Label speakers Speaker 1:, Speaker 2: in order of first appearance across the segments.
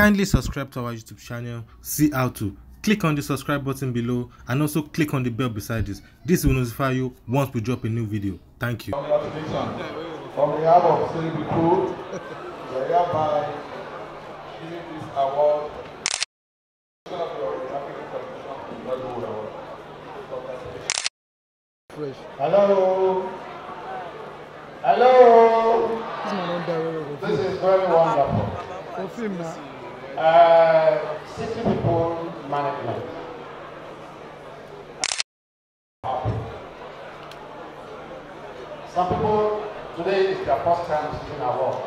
Speaker 1: Kindly subscribe to our YouTube channel, see how to. Click on the subscribe button below and also click on the bell beside this. This will notify you once we drop a new video. Thank you. On
Speaker 2: behalf of City People, we hereby giving this award
Speaker 1: Fresh. Hello. Hello. This is very wonderful. For film now city uh, people management. Some people, today is their first time sitting work.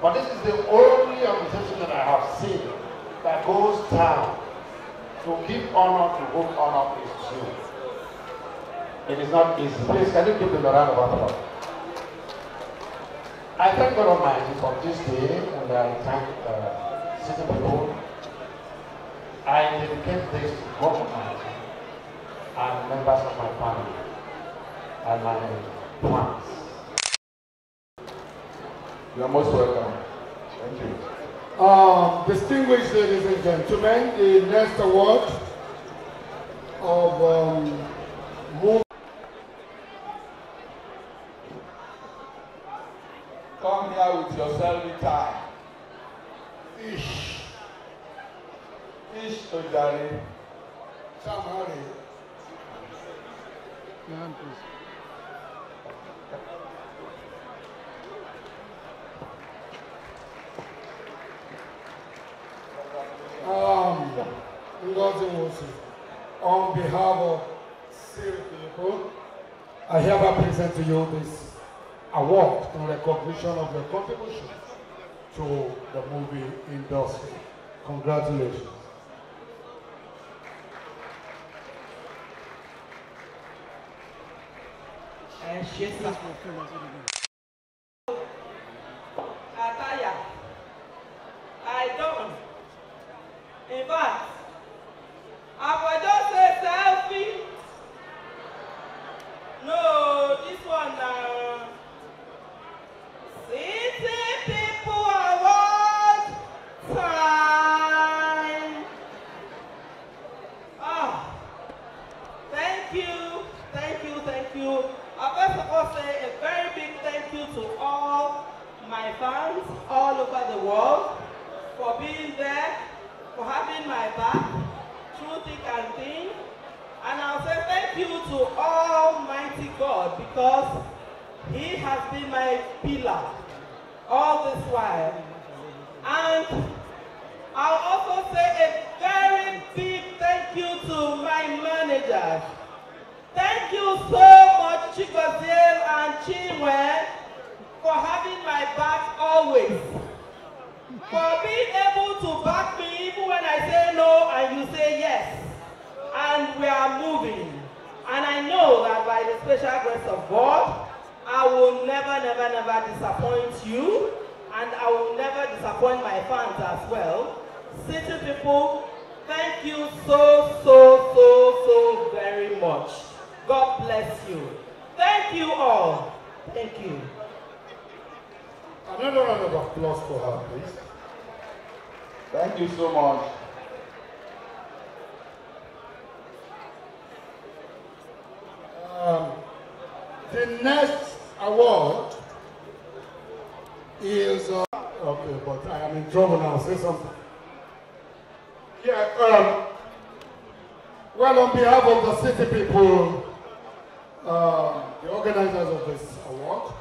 Speaker 1: But this is the only organization that I have seen that goes down to give honor to whom honor is due. It is not easy. Please, can you give them a round of applause? I thank God Almighty for this day, and I thank uh, city people. I dedicate this to God Almighty and members of my family and my friends. You are most welcome. Thank you. Uh, distinguished ladies and gentlemen, the next award
Speaker 2: of um, Come here with your serving time. Fish. Fish to oh, Jari. Somebody.
Speaker 1: Yeah, please. Um, Ngozi Moses, on behalf of Siri people, I hereby present to you this award in recognition of your contribution to the movie industry. Congratulations. And
Speaker 3: you. I first of all say a very big thank you to all my fans all over the world for being there, for having my back through thick and thin. And I'll say thank you to Almighty God because He has been my pillar all this while. And I'll also say a very big thank you to my manager. Thank you so Chigozie and Chinwe for having my back always. For being able to back me even when I say no and you say yes. And we are moving. And I know that by the special grace of God, I will never, never, never disappoint you. And I will never disappoint my fans as well. City people, thank you so, so, so, so very much. God bless you. Thank you all. Thank you. Another round of applause for her, please.
Speaker 1: Thank you so much. Um, the next award is, uh, okay, but I am in trouble now, say something. Yeah, um, well, on behalf of the city people, uh, the organizers of this award.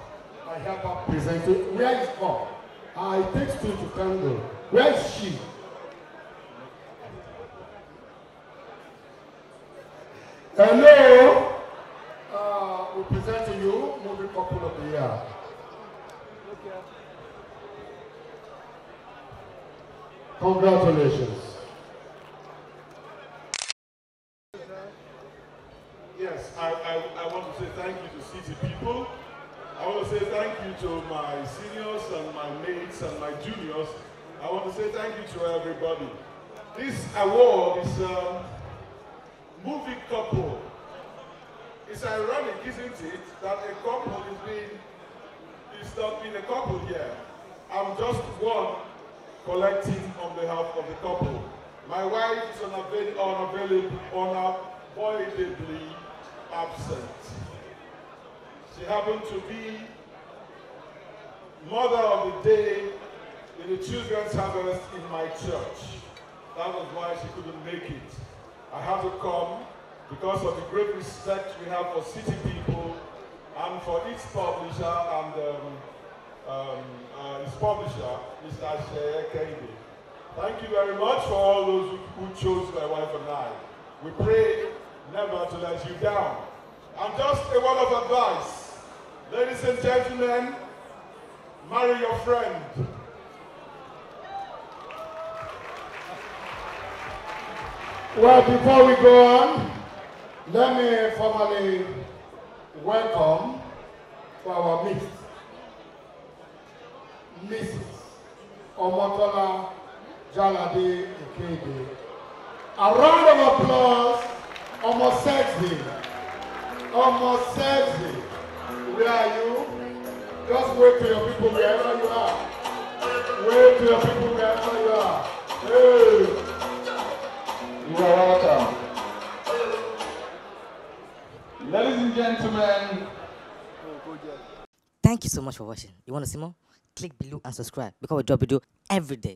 Speaker 1: I help her present it. Where is Bob? I take two to candle. Where is she? Hello. Uh, we present to you movie couple of the year. Congratulations.
Speaker 2: to say thank you to my seniors and my mates and my juniors. I want to say thank you to everybody. This award is a um, movie couple. It's ironic, isn't it, that a couple is being, is not being a couple here. I'm just one collecting on behalf of the couple. My wife is unavailable, unavoidably absent. She happened to be mother of the day in the children's harvest in my church. That was why she couldn't make it. I had to come because of the great respect we have for city people and for its publisher and um, um, uh, its publisher, Mr. Shea Kennedy. Thank you very much for all those who chose my wife and I. We pray never to let you down. And just a word of advice, ladies and gentlemen, Marry your friend.
Speaker 1: Well, before we go on, let me formally welcome to our miss, Mrs. Omotola Jalade Ikede. A round of applause, Omo Sexy. Omo Sexy, where are you? Just wait to your people wherever you are. Wait to your people wherever you are. Hey. You are welcome. Ladies and gentlemen. Thank you so much for watching. You want to see more? Click below and subscribe because we drop video every day.